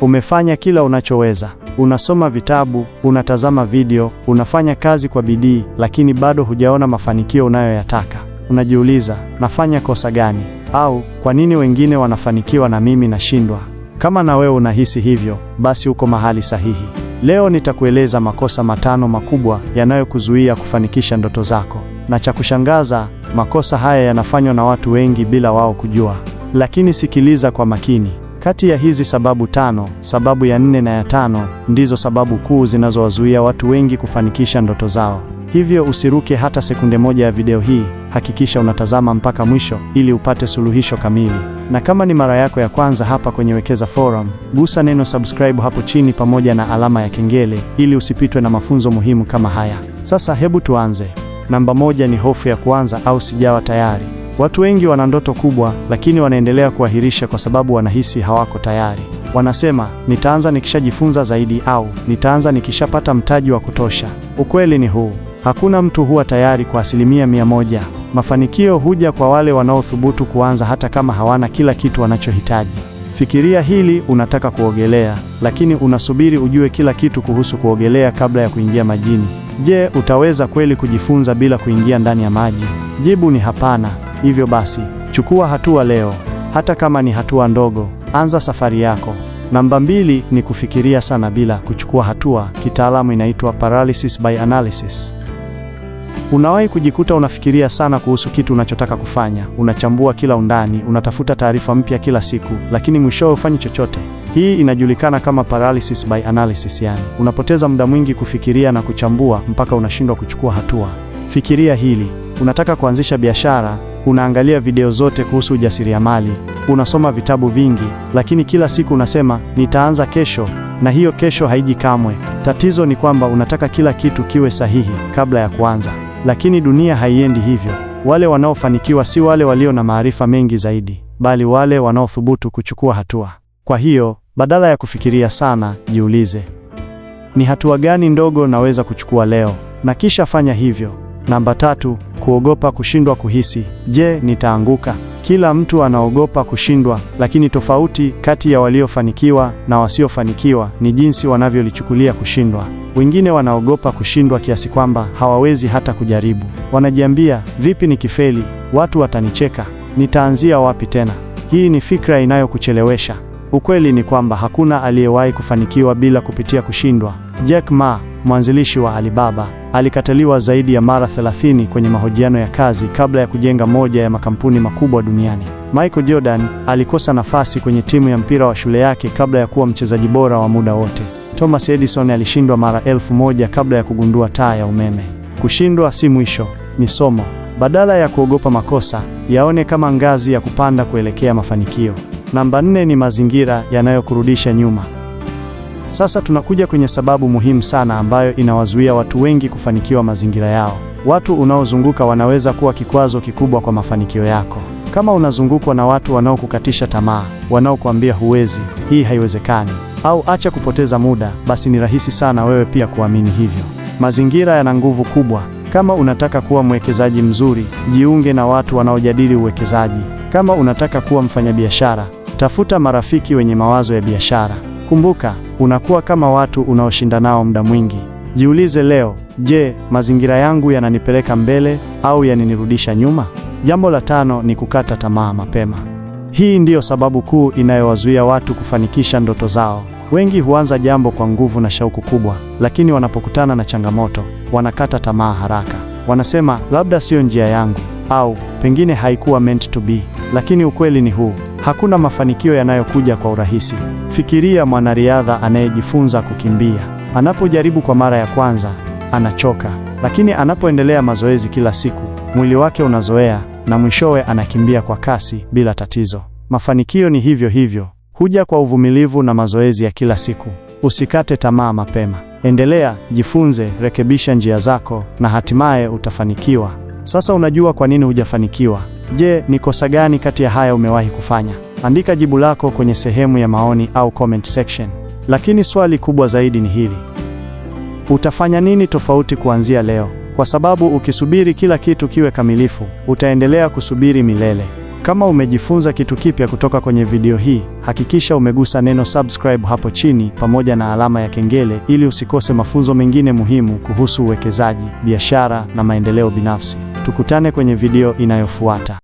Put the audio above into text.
Umefanya kila unachoweza, unasoma vitabu, unatazama video, unafanya kazi kwa bidii, lakini bado hujaona mafanikio unayoyataka. Unajiuliza, nafanya kosa gani? Au kwa nini wengine wanafanikiwa na mimi nashindwa? Kama na wewe unahisi hivyo, basi uko mahali sahihi. Leo nitakueleza makosa matano makubwa yanayokuzuia kufanikisha ndoto zako, na cha kushangaza, makosa haya yanafanywa na watu wengi bila wao kujua. Lakini sikiliza kwa makini, kati ya hizi sababu tano, sababu ya nne na ya tano ndizo sababu kuu zinazowazuia watu wengi kufanikisha ndoto zao. Hivyo usiruke hata sekunde moja ya video hii, hakikisha unatazama mpaka mwisho ili upate suluhisho kamili. Na kama ni mara yako ya kwanza hapa kwenye Wekeza Forum, gusa neno subscribe hapo chini pamoja na alama ya kengele ili usipitwe na mafunzo muhimu kama haya. Sasa hebu tuanze. Namba moja ni hofu ya kuanza au sijawa tayari. Watu wengi wana ndoto kubwa, lakini wanaendelea kuahirisha kwa sababu wanahisi hawako tayari. Wanasema nitaanza nikishajifunza zaidi, au nitaanza nikishapata mtaji wa kutosha. Ukweli ni huu, hakuna mtu huwa tayari kwa asilimia mia moja. Mafanikio huja kwa wale wanaothubutu kuanza hata kama hawana kila kitu wanachohitaji. Fikiria hili, unataka kuogelea lakini unasubiri ujue kila kitu kuhusu kuogelea kabla ya kuingia majini. Je, utaweza kweli kujifunza bila kuingia ndani ya maji? Jibu ni hapana. Hivyo basi, chukua hatua leo, hata kama ni hatua ndogo. Anza safari yako. Namba mbili ni kufikiria sana bila kuchukua hatua. Kitaalamu inaitwa paralysis by analysis. Unawahi kujikuta unafikiria sana kuhusu kitu unachotaka kufanya, unachambua kila undani, unatafuta taarifa mpya kila siku, lakini mwishowe ufanyi chochote. Hii inajulikana kama paralysis by analysis, yani unapoteza muda mwingi kufikiria na kuchambua mpaka unashindwa kuchukua hatua. Fikiria hili: unataka kuanzisha biashara Unaangalia video zote kuhusu ujasiriamali, unasoma vitabu vingi, lakini kila siku unasema nitaanza kesho, na hiyo kesho haiji kamwe. Tatizo ni kwamba unataka kila kitu kiwe sahihi kabla ya kuanza, lakini dunia haiendi hivyo. Wale wanaofanikiwa si wale walio na maarifa mengi zaidi, bali wale wanaothubutu kuchukua hatua. Kwa hiyo, badala ya kufikiria sana, jiulize ni hatua gani ndogo naweza kuchukua leo, na kisha fanya hivyo. Namba tatu, kuogopa kushindwa kuhisi. Je, nitaanguka? Kila mtu anaogopa kushindwa, lakini tofauti kati ya waliofanikiwa na wasiofanikiwa ni jinsi wanavyolichukulia kushindwa. Wengine wanaogopa kushindwa kiasi kwamba hawawezi hata kujaribu. Wanajiambia, vipi nikifeli? Watu watanicheka. Nitaanzia wapi tena? Hii ni fikra inayokuchelewesha. Ukweli ni kwamba hakuna aliyewahi kufanikiwa bila kupitia kushindwa. Jack Ma, mwanzilishi wa Alibaba, alikataliwa zaidi ya mara 30 kwenye mahojiano ya kazi kabla ya kujenga moja ya makampuni makubwa duniani. Michael Jordan alikosa nafasi kwenye timu ya mpira wa shule yake kabla ya kuwa mchezaji bora wa muda wote. Thomas Edison alishindwa mara elfu moja kabla ya kugundua taa ya umeme. Kushindwa si mwisho, ni somo. Badala ya kuogopa makosa, yaone kama ngazi ya kupanda kuelekea mafanikio. Namba nne ni mazingira yanayokurudisha nyuma. Sasa tunakuja kwenye sababu muhimu sana ambayo inawazuia watu wengi kufanikiwa mazingira yao. Watu unaozunguka wanaweza kuwa kikwazo kikubwa kwa mafanikio yako. Kama unazungukwa na watu wanaokukatisha tamaa, wanaokuambia huwezi, hii haiwezekani, au acha kupoteza muda, basi ni rahisi sana wewe pia kuamini hivyo. Mazingira yana nguvu kubwa. Kama unataka kuwa mwekezaji mzuri, jiunge na watu wanaojadili uwekezaji. Kama unataka kuwa mfanyabiashara, tafuta marafiki wenye mawazo ya biashara. Kumbuka, unakuwa kama watu unaoshinda nao muda mwingi. Jiulize leo, je, mazingira yangu yananipeleka mbele au yaninirudisha nyuma? Jambo la tano ni kukata tamaa mapema. Hii ndiyo sababu kuu inayowazuia watu kufanikisha ndoto zao. Wengi huanza jambo kwa nguvu na shauku kubwa, lakini wanapokutana na changamoto, wanakata tamaa haraka. Wanasema, labda siyo njia yangu, au pengine haikuwa meant to be. Lakini ukweli ni huu. Hakuna mafanikio yanayokuja kwa urahisi. Fikiria mwanariadha anayejifunza kukimbia. Anapojaribu kwa mara ya kwanza, anachoka, lakini anapoendelea mazoezi kila siku, mwili wake unazoea na mwishowe anakimbia kwa kasi bila tatizo. Mafanikio ni hivyo hivyo, huja kwa uvumilivu na mazoezi ya kila siku. Usikate tamaa mapema. Endelea, jifunze, rekebisha njia zako na hatimaye utafanikiwa. Sasa unajua kwa nini hujafanikiwa. Je, ni kosa gani kati ya haya umewahi kufanya? Andika jibu lako kwenye sehemu ya maoni au comment section. Lakini swali kubwa zaidi ni hili. Utafanya nini tofauti kuanzia leo? Kwa sababu ukisubiri kila kitu kiwe kamilifu, utaendelea kusubiri milele. Kama umejifunza kitu kipya kutoka kwenye video hii, hakikisha umegusa neno subscribe hapo chini pamoja na alama ya kengele ili usikose mafunzo mengine muhimu kuhusu uwekezaji, biashara na maendeleo binafsi. Tukutane kwenye video inayofuata.